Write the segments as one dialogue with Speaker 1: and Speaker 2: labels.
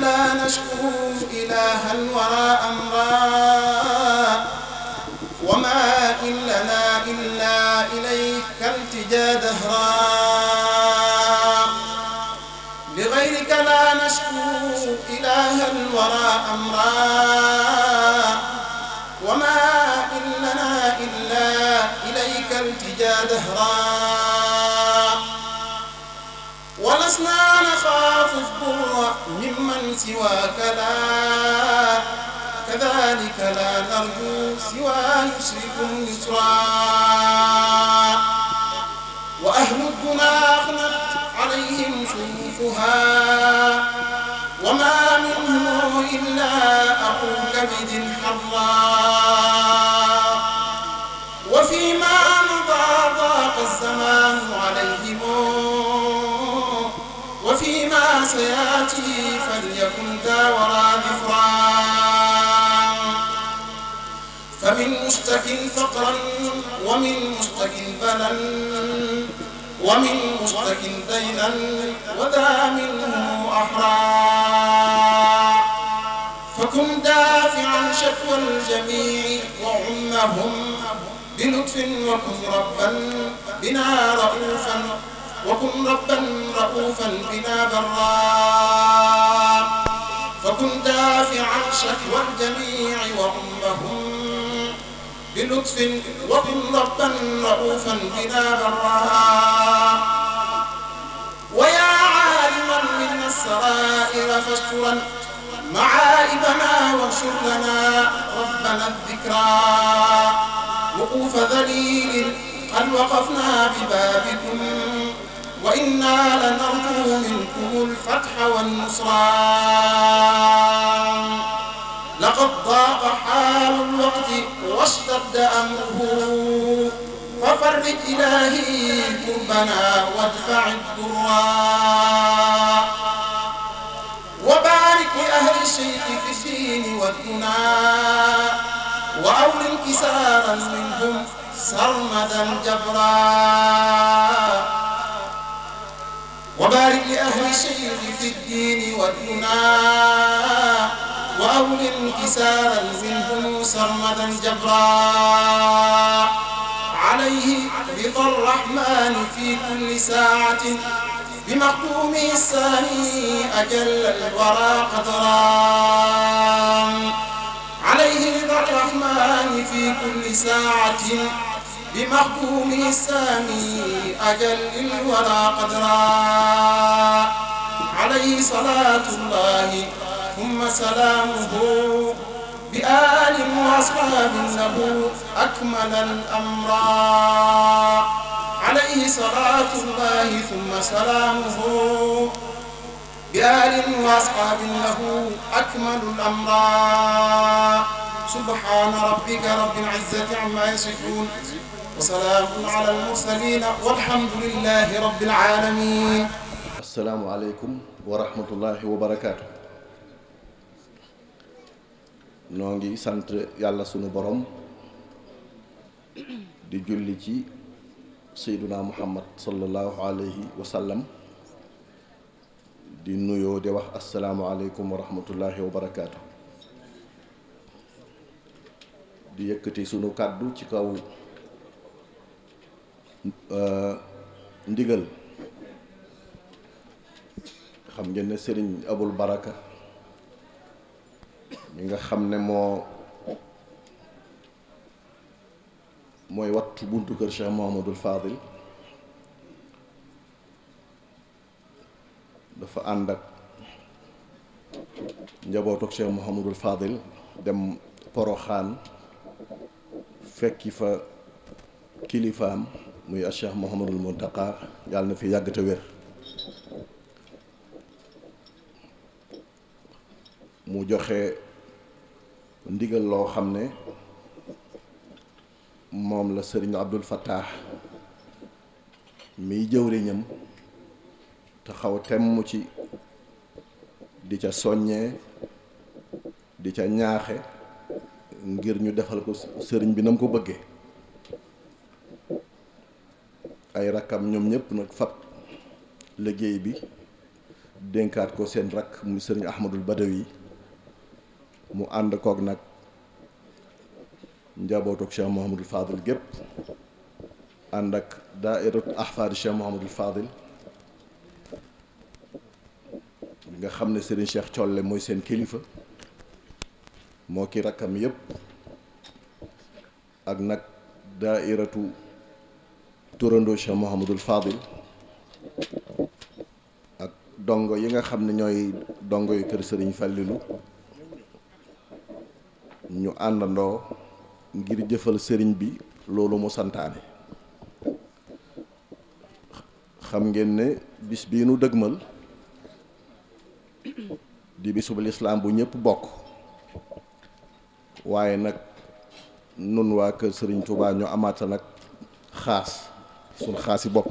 Speaker 1: لا نشكو إله الورى أمرا وما إلنا إلا إليك التجا دهرا لغيرك لا نشكو إله الورى أمرا وما إلنا إلا إليك التجا دهرا لسنا نخاف الضر ممن سواك لا كذلك لا نرجو سوى يسركم يسرا وأهل الدنا أغنت عليهم شروفها وما منه إلا أخوك بذي الحر سيأتي فليكن ذا ورى غفران فمن مشتك فقرا ومن مشتك بلا ومن مشتك دينا وذا منه أحرى فكن دافعا شكوى الجميع وعمهم بلطف وكن ربا بنا رؤوفا وكن ربا رؤوفا بنا برا فكن دافعا شكوى الجميع وعمهم بلطف وكن ربا رؤوفا بنا برا ويا عالما منا السرائر فاشكرا معائبنا وانشر لنا ربنا الذكرى وقوف ذليل قد وقفنا ببابكم وإنا لنرجو منكم الفتح والنصران لقد ضاق حال الوقت واشتد أمره ففرج إلهي كربنا وادفع الضراء وبارك لأهل الشيخ في الدين والدنا وأول انكسارا منهم سرمدا جبرا وبارك لأهل شيخ في الدين والدنا وأولي الكسار منهم سرمدا جبرا عليه رضا الرحمن في كل ساعة بمقومه الثاني أجل الورى قدرا عليه رضا الرحمن في كل ساعة بمحكوم السامي أجل للورى قدرا عليه صلاة الله ثم سلامه بآل وأصحاب له أكمل الأمر عليه صلاة الله ثم سلامه بآل وأصحاب له أكمل الأمر سبحان ربك رب العزة عما يصفون wasalaamun ala almursalin walhamdulilahi rabbil
Speaker 2: assalaamu aleykum wa rahmatullahi wa barakaatu noo ngi sant yàlla sunu boroom di julli ci sayduna muhammad sallallahu alayhi wa sallam di nuyoo di wax asalaamualeykum wa rahmatullahi wa barakaatu di yëkkati sunu kàddu ci kaw Euh, ndigal xam ngeen ne sëriñ abul baraka mi nga xam ne moo mooy wat buntu kër Cheikh Mouhamadul Fadil dafa ànd ak njabootu ak Cheikh Mouhamadul Fadil dem Poroxaan fekki fa kilifaam muy a Cheikh Mouhamadul Mountakha yàlla na fi yàgg te wér mu joxe ndigal loo xam ne moom la sëriñ Abdul Fattah miy jëwriñam te xaw temm ci di ca soññee di ca ñaaxe ngir ñu defal ko sëriñ bi na mu ko bëggee ay rakkam ñoom ñëpp nag fab liggéey bi dénkaat ko seen rakk mu sëriñ Ahmadul Badawi mu ànd kook nag njabootoog Cheikh Mouhamadul Fadil gépp ànd ak daairatu ahfaadi Cheikh Mouhamadul Fadil nga xam ne seeni Cheikh Colle mooy seen kilifa moo ki rakkam yëpp ak nag daairatu turandoo Cheikh Mouhamadul Fadil ak dongo yi nga xam ne ñooy dongo yu kër Sëriñ Fàllilu ñu àndandoo ngir jëfal sëriñ bi loolu mu santaane xam ngeen ne bis bii nu dëgmal di bisub lislaam bu ñëpp bokk waaye nag nun waa kër Sëriñ Tuubaa ñu amaata nag xaas suñ xaasi bopp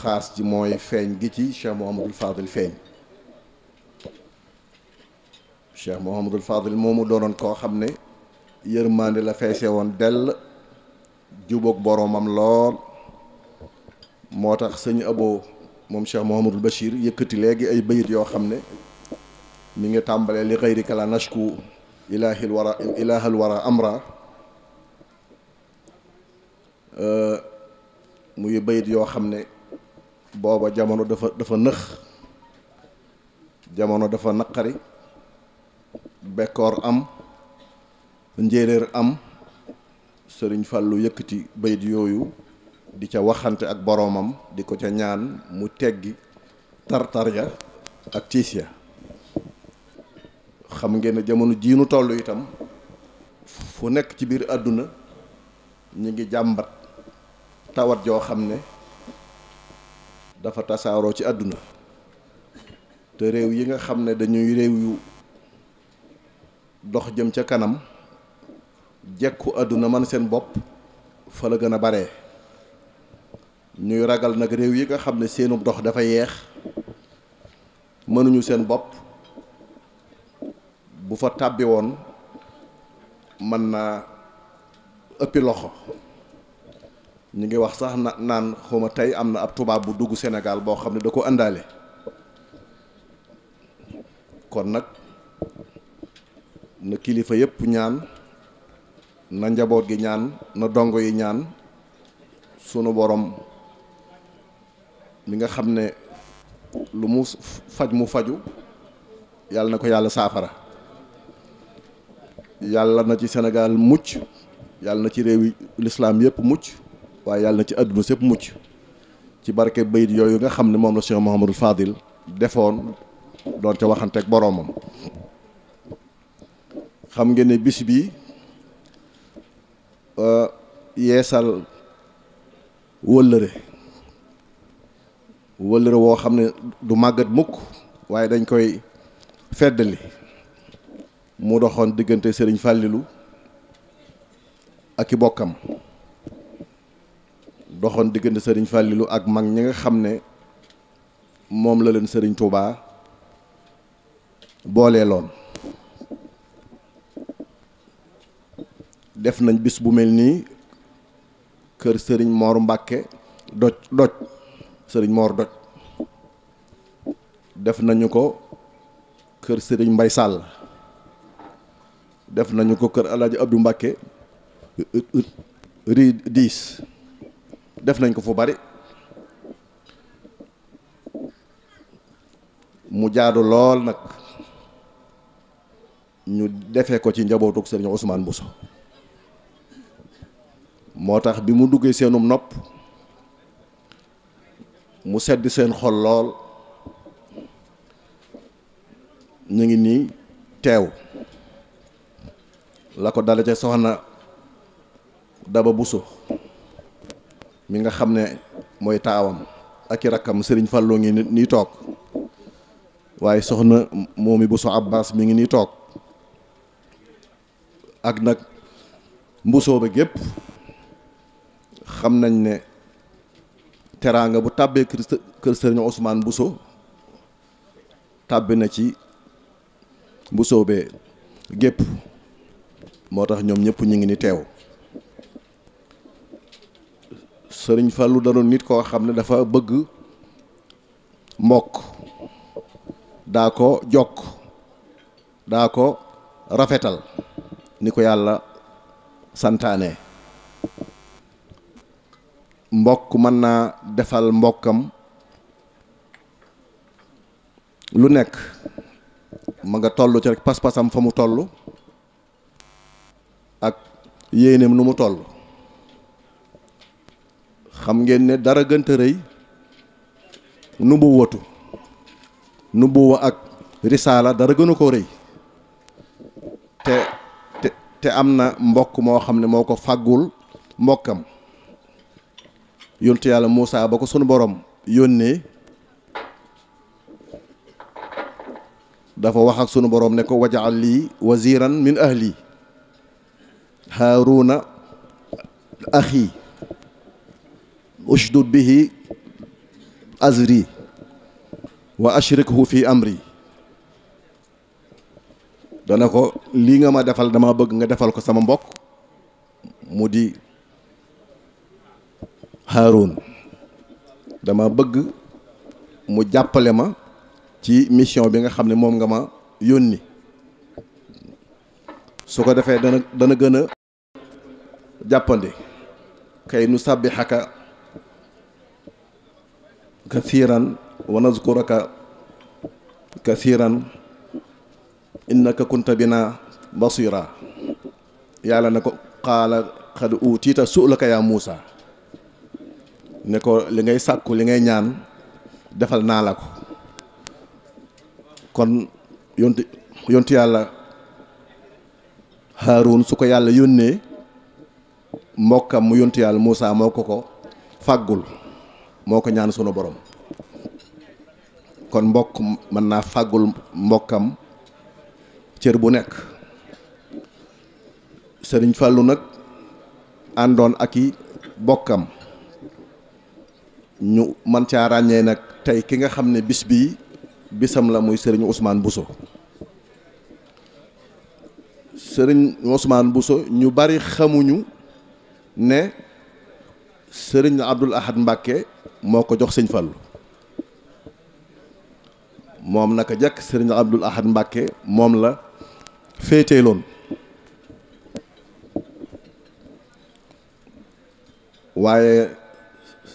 Speaker 2: xaas ji mooy feeñ gi ci Cheikh Mouhamadul Fadil feeñ Cheikh Mouhamadul Fadil moomu doonoon koo xam ne yërmande la feese woon dell jubóog boroomam lool moo tax sëñ aboo moom Cheikh Mouhamadul Bachir yëkkati léegi ay bayit yoo xam ne mu ngi tàmbalee li xayrika la nashku ilahil wara ilahal wara amra euh, muy bayit yoo xam ne booba jamono dafa dafa nëx jamono dafa naqari bekkoor am njéeréer am sëriñ fàllu yëkkati bayit yooyu di ca waxante ak boroomam di ko ca ñaan mu teggi tartar ya ak tiis ya xam ngeen ne jamono jii nu toll itam fu nekk ci biir àdduna ñu ngi jàmbat tawat joo xam ne dafa tasaaroo ci àdduna te réew yi nga xam ne dañuy réew yu dox jëm ca kanam jekku àdduna man seen bopp fa la gën a bare ñuy ragal nag réew yi nga xam ne seenu ndox dafa yeex mënuñu seen bopp bu fa tàbbi woon mën naa ëppi loxo ñu ngi wax sax na naan xawma tey am na ab tubaab bu dugg Sénégal boo xam ne da ko àndaale kon nag na kilifa yëpp ñaan na njaboot gi ñaan na dongo yi ñaan sunu boroom mi nga xam ne lu mu faj mu faju yàlla na ko yàlla saafara yàlla na ci Sénégal mucc yàlla na ci réew yi lislaam yëpp mucc waaye yàlla na ci àdduna sépp mucc ci barke bayit yooyu nga xam ne moom la Cheikh Mouhamadul Fadil defoon doon ca waxanteeg boroomam xam ngeen ne bis bi euh, yeesal wëllëre wëllëre woo xam ne du màggat mukk waaye dañ koy feddali mu doxoon diggante sëriñ Fallilou ak i bokkam doxoon diggante sëriñ Fàllilu ak mag ñi nga xam ne moom la leen sëriñ Touba booleeloon def nañ bis bu mel nii kër sëriñ Mor Mbàkke doj doj sëriñ Mor doj def nañu ko kër sëriñ Mbay Sàll def nañu ko kër Alaaji Abdou Mbàkke ri diis def nañ ko fu bari mu jaadu lool nag ñu defe ko ci njabootug Serigne Ousmane Bousso moo tax bi mu duggee seenum nopp mu sedd seen xol lool ñu ngi nii teew la ko dale ca soxna Daba Bousso mi nga xam ne mooy taawam ak i rakkam sëriñ fàlloo ngi nii toog waaye soxna moomi Bousso Abbas mi ngi nii toog ak nag mbusoo ba gépp xam nañ ne teraanga bu tàbbee kër kër sëriñ Ousmane Bousso tàbbi na ci mbusoo be gépp moo tax ñoom ñëpp ñu ngi ni teew sëriñ Fallou da doon nit koo xam ne dafa bëgg mbokk daa ko jokk daa ko rafetal ni ko yàlla santaane mbokk mën naa defal mbokkam lu nekk ma nga tollu ci rek pas-pasam fa mu tollu ak yéeneem lu mu toll xam ngeen ne dara gënt a rëy nubu watu nubuwa ak risaala dara gën a ko rëy te te am na mbokk moo xam ne moo ko fàggul mbokkam yontu yàlla Moussa ba ko sunu boroom yónnee dafa wax ak sunu boroom ne ko wajaal lii waziran min ahli haaruna axi bi ushdud bihi azri wa ku fi amri dana ko lii nga ma defal dama bëgg nga defal ko sama mbokk mu di Haarun dama bëgg mu jàppale ma ci mission bi nga xam ne moom nga ma yónni su ko defee dana dana gën a jàppande kay nu sàbbi xaka kathiran wa nazkuraka kathiran innaka kunta bina basira yàlla na ko qaala qad uutiita su'laka yaa Muusa ne ko li ngay sàkku li ngay ñaan defal naa la ko kon yonti yonti yàlla Haarun su ko yàlla yónnee mbokkam mu yonti yàlla Muusa moo ko ko fàggul moo ko ñaan sunu borom kon mbokk mën naa fàggul mbokkam cër bu nekk sëriñ fàllu nag àndoon ak i bokkam ñu man caa ràññee nag tey ki nga xam ne bis bii bisam la muy sëriñ Ousmane Bousso sëriñ Ousmane Bousso ñu bari xamuñu ne sëriñ Abdul Ahad Mbàkke moo ko jox sëñ Fallu moom naka jekk sëriñ Abdul Ahad Mbàkke moom la loon waaye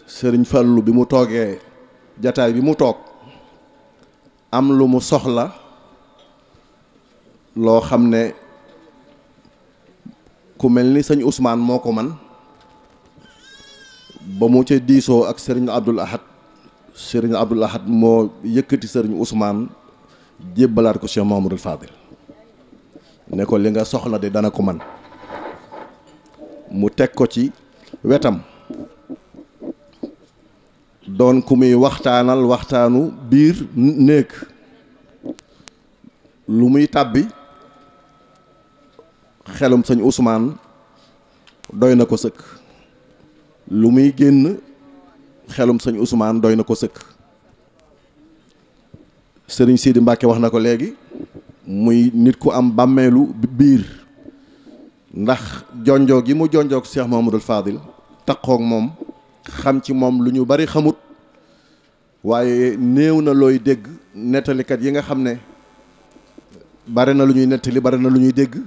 Speaker 2: sëriñ Fallu bi mu toogee jataay bi mu toog am lu mu soxla loo xam ne ku mel ni sëñ usmaan moo ko man ba mu ca diisoo ak sëriñ Abdul Ahad sëriñ Abdul Ahad moo yëkkati sëriñ Ousmane jébbalaat ko Cheikh Mamadou Fadil ne ko li nga soxla de dana ko man mu teg ko ci wetam doon ku muy waxtaanal waxtaanu biir néeg lu muy tàbbi xelum sëñ Ousmane doy na ko sëkk lu muy génn xelum sëñ Ousmane doy na ko sëkk sëriñ Sidi Mbacke wax na ko léegi muy nit ku am bàmmeelu biir ndax jonjoo gi mu jonjoog mu Mahamadul Fadil taqoog moom xam ci moom lu ñu bari xamut waaye néew na looy dégg nettalikat yi nga xam ne bari na lu ñuy nettali bari na lu ñuy dégg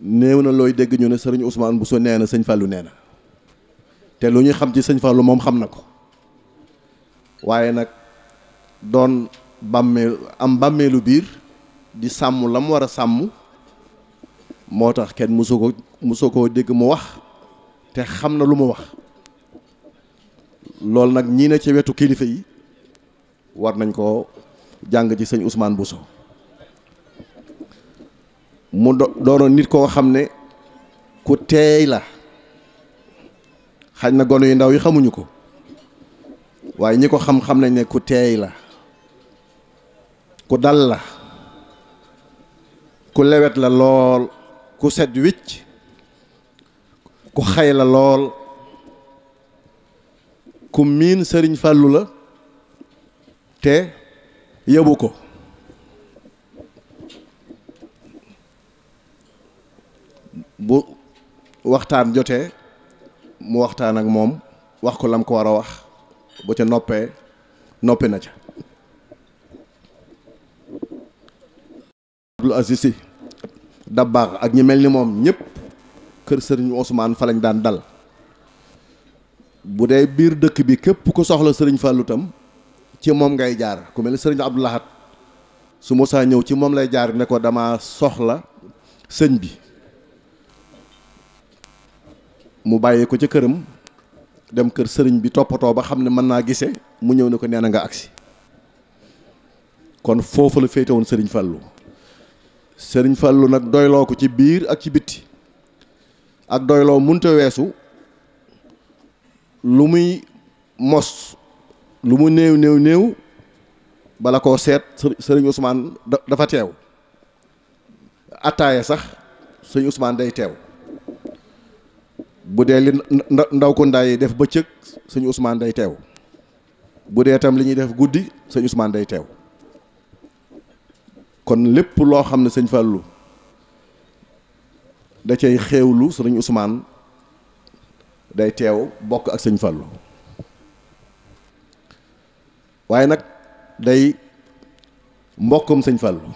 Speaker 2: néew na looy dégg ñu ne sëriñ Ousmane Bousso nee na sëñ Fallou nee na te lu ñu xam ci sëñ Fallou moom xam na ko waaye nag doon bàmmeel am bàmmeelu biir di sàmm la mu war a sàmm moo tax kenn musu ko musu koo dégg mu wax te xam na lu mu wax loolu nag ñii ne ci wetu kilifa yi war nañ koo jàng ci sëñ Ousmane Bousso mu do doonoon nit koo xam ne ku teey la xaj na gone yu ndaw yi xamuñu ko waaye ñi ko xam xam nañ ne ku teey la ku dal la ku lewet la lool ku set wicc ku xay la lool ku miin sëriñ fàllu la te yóbbu ko bu waxtaan jotee mu waxtaan ak moom wax ko lam ko war a wax boo ca noppee noppi na ca Abdul Aziz Si Dabakh ak ñi mel ni moom ñëpp kër sëriñ Ousmane fa lañ daan dal bu dee biir dëkk bi képp ko soxla sëriñ Fallou tam ci moom ngay jaar ku mel ni sëriñ Abdou Lahad su mosaa ñëw ci moom lay jaar ne ko dama soxla sëñ bi mu bàyyee ko ca këram dem kër sëriñ bi toppatoo ba xam ne mën naa gise mu ñëw ne ko nee na nga agsi kon foofu la féete woon sëriñ Fallou sëriñ Fallou nag doyloo ko ci biir ak ci bitti ak doyloo munte weesu lu muy mos lu mu néew néew néew bala koo seet sëriñ Ousmane dafa teew attaaya sax sëriñ Ousmane day teew bu dee li ndaw ko ndaa yi def bëccëg sëñ Ousmane day teew bu dee tam li ñuy def guddi sëñ Ousmane day teew kon lépp loo xam ne sëñ Fallou da cay xéewlu sëñ Ousmane day teew bokk ak sëñ Fallou waaye nag day mbokkum sëñ Fallou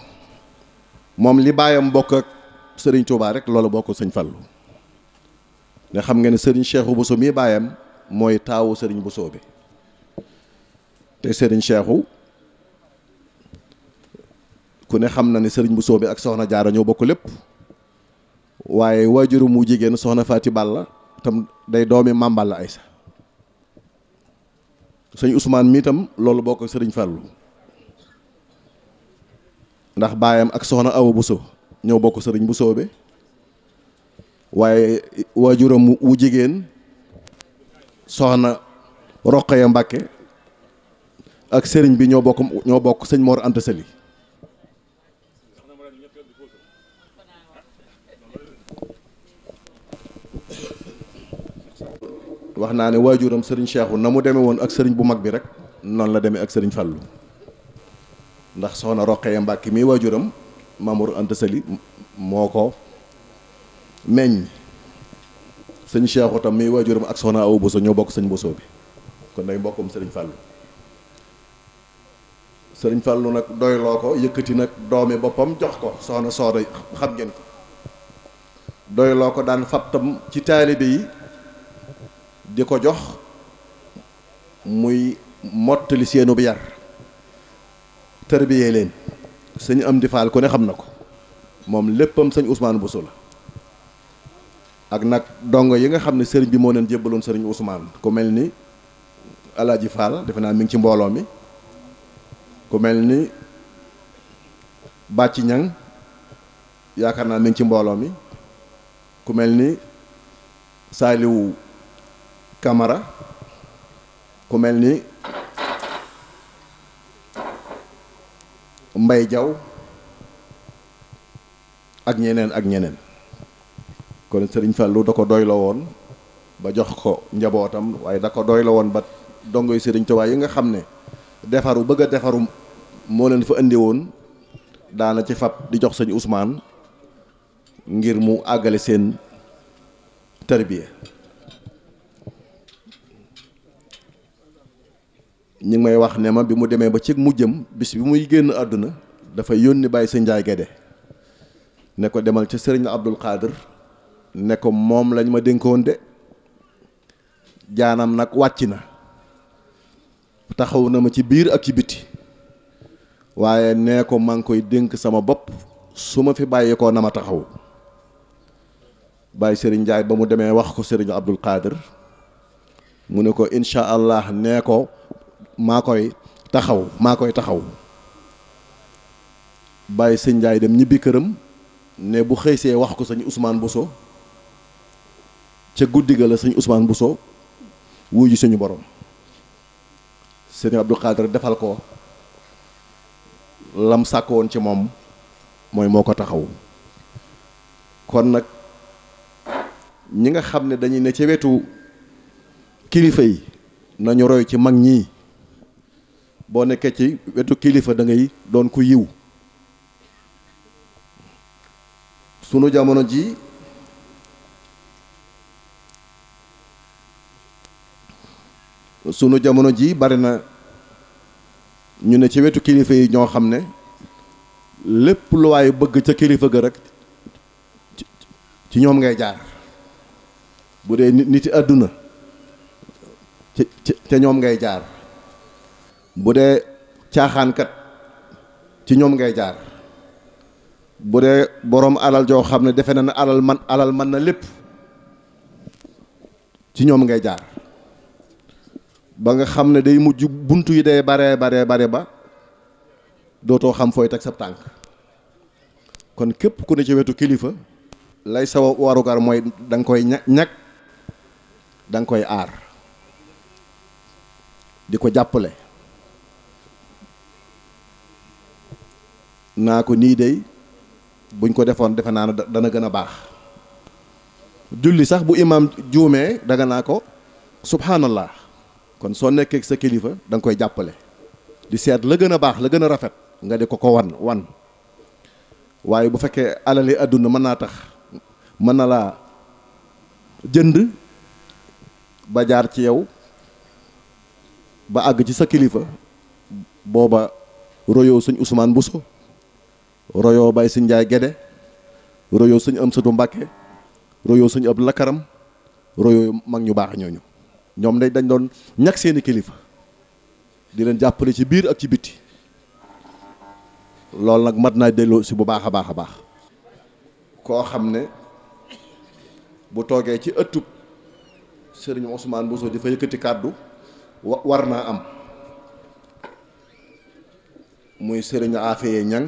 Speaker 2: moom li baayam mbokk ak sëriñ Touba rek loolu bokk sëñ Fallou ne xam nga ne sëriñ Cheikhou Bousso mii baayam mooy taawu sëriñ Bousso bi te sëriñ Cheikhou ku ne xam na ne sëriñ Bousso bi ak soxna jaara ñoo bokk lépp waaye waajuru mu jigéen soxna Faati Balla tam day doomi Maam Balla Aysa sëñ Ousmane mii tam loolu bokk ak sëriñ Fàllu ndax baayam ak soxna Awa Bousso ñëw bokk sëriñ Bousso bi waaye waajuram wu jigéen soxna Roqaya Mbàkke ak sëriñ bi ñoo bokk ñoo bokk sëñ Mor Anta Sali wax naa ne waajuram sëriñ Cheikhu na mu demee woon ak sëriñ bu mag bi rek noonu la deme ak sëriñ Fàllu ndax soxna Roqaya Mbàkke mii waajuram Mamour Anta Sali moo ko meññ sëñ Cheikh tam mi waajuram ak soxna aw Bousso ñoo bokk sañ Bousso bi kon day mbokkum sëriñ Fallou sëriñ Fallou nag doyloo ko yëkkati nag doomi boppam jox ko soxna sooda xam ngeen ko doyloo ko daan fab tam ci taalibe yi di ko jox muy mottali seenu bi yar tërbiyee leen sëñ am di faal ku ne xam na ko moom léppam sëñ Ousmane Bousso la ak nag dongo yi nga xam ne sëriñ bi moo leen jébbaloon sëriñ Ousmane ku mel ni Alaaji Fall defe naa mi ci mbooloo ku mel ni Bàcci Ñang yaakaar naa mi ci mbooloo mi ku mel ni Saaliwu Kamara ku mel ni Mbay Jaw ak ñeneen ak ñeneen kon Serigne Fallou da ko doy la woon ba jox ko njabootam waaye da ko doy la woon ba dongoy Serigne Touba yi nga xam ne defaru bëgg a defaru moo leen fa indi woon daana ci fab di jox sëñ usmaan ngir mu àggale seen tarbiya ñu ngi may wax ne ma bi mu demee ba ci mu jëm bis bi muy génn àdduna dafay yónni bàyyi sa njaay gede ne ko demal ca sëriñ Abdul Xaadir ne ko moom lañ ma dénkoon de jaanam nag wàcc na taxaw na ma ci biir ak ci biti waaye nee ko maa ngi koy dénk sama bopp su ma fi bàyyi ko na ma taxaw bàyyi sëriñ Njaay ba mu demee wax ko sëriñ Abdul Qadir mu ne ko incha allah nee ko maa koy taxaw maa koy taxaw bàyyi sëñ Njaay dem ñibbi këram ne bu xëysee wax ko sañu Ousmane Bousso ca guddi ga la usmaan Ousmane Bousso wuyu suñu borom sëñ Abdou Khadre defal ko lam sàkk woon ci moom mooy moo ko taxaw kon nag ñi nga xam ne dañuy ne ci wetu kilifa yi nañu roy ci mag ñii boo nekkee ci wetu kilifa da doon ku yiw sunu jamono ji sunu jamono ji bari na ñu ne ci wetu kilifa yi ñoo xam ne lépp lu waay bëgg ca kilifa ga rek ci ñoom ngay jaar bu dee nit yi àdduna ci ca ñoom ngay jaar bu dee caaxaankat ci ñoom ngay jaar bu dee boroom alal joo xam ne defe na ne alal man alal man na lépp ci ñoom ngay jaar ba nga xam ne day mujj bunt yi day bare bare bare ba dootoo xam fooy teg sa tànk kon képp ku ne ci wetu kilifa lay sawa warugar mooy danga koy ña ñag da koy aar di ko jàppale naa ko nii dey buñ ko defoon defe naa ne dana gën a baax julli sax bu imaam juumee daga naa ko subhanallah kon soo nekkee sa kilifa da nga koy jàppale di seet la gën a baax la gën a rafet nga di ko ko wan wan waaye bu fekkee alali àdduna mën naa tax mën na laa jënd ba jaar ci yow ba àgg ci sa kilifa booba royoo suñ Ousmane Bousso royoo bay suñ Njaay Gede royoo suñ Amsatu Mbàkke royoo suñ ab lakaram royoo mag ñu baax ñooñu ñoom day dañ doon ñàkk seeni kilifa di leen jàppale ci biir ak ci bitti loolu nag mat naa delloo si bu baax a baax a baax koo xam ne bu toogee ci ëttub sëriñ Ousmane Bousso di fa yëkkati kàddu war naa am muy sëriñ Afeye Ñang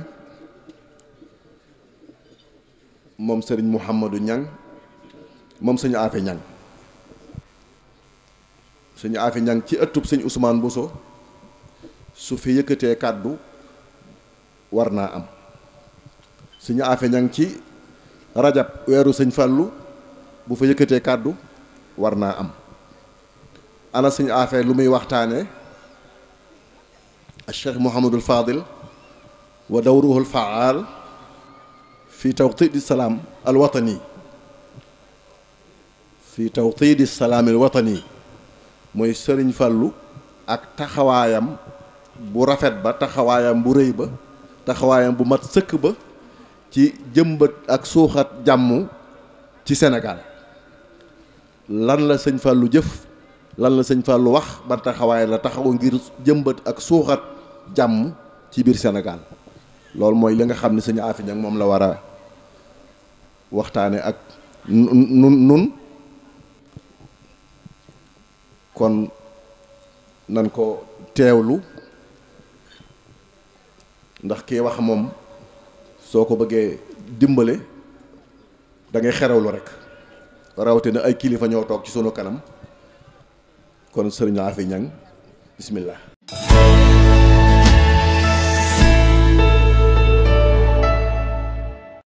Speaker 2: moom sëriñ Mouhamadou Ñang moom sëriñ Afeye Ñang suñu Afi Ñang ci ëttub suñu Ousmane Bousso su fi yëkkatee kàddu war naa am suñu Afi Ñang ci rajab weeru sëñ fàllu bu fa yëkkatee kàddu war naa am ana suñu Afi lu muy waxtaane Cheikh Mouhamadul Fadil wa dawruhul faal fi tawtidi salaam al watani fi tawtidi salaam al watani mooy sëriñ Fallu ak taxawaayam bu rafet ba taxawaayam bu rëy ba taxawaayam bu mat sëkk ba ci jëmbat ak suuxat jàmm ci senegal lan la sëñ Fallu jëf lan la sëñ Fallu wax ban taxawaay la taxawu ngir jëmbët ak suuxat jàmm ci biir senegal loolu mooy li nga xam ne sëñ Afi Ñaŋ moom la war waxtaane ak nun kon nan ko teewlu ndax kii wax moom soo ko bëggee dimbale da ngay xerewlu rek rawatina ay kilifa ñoo toog ci sunu kanam kon sëriñ fi Ñang bismillah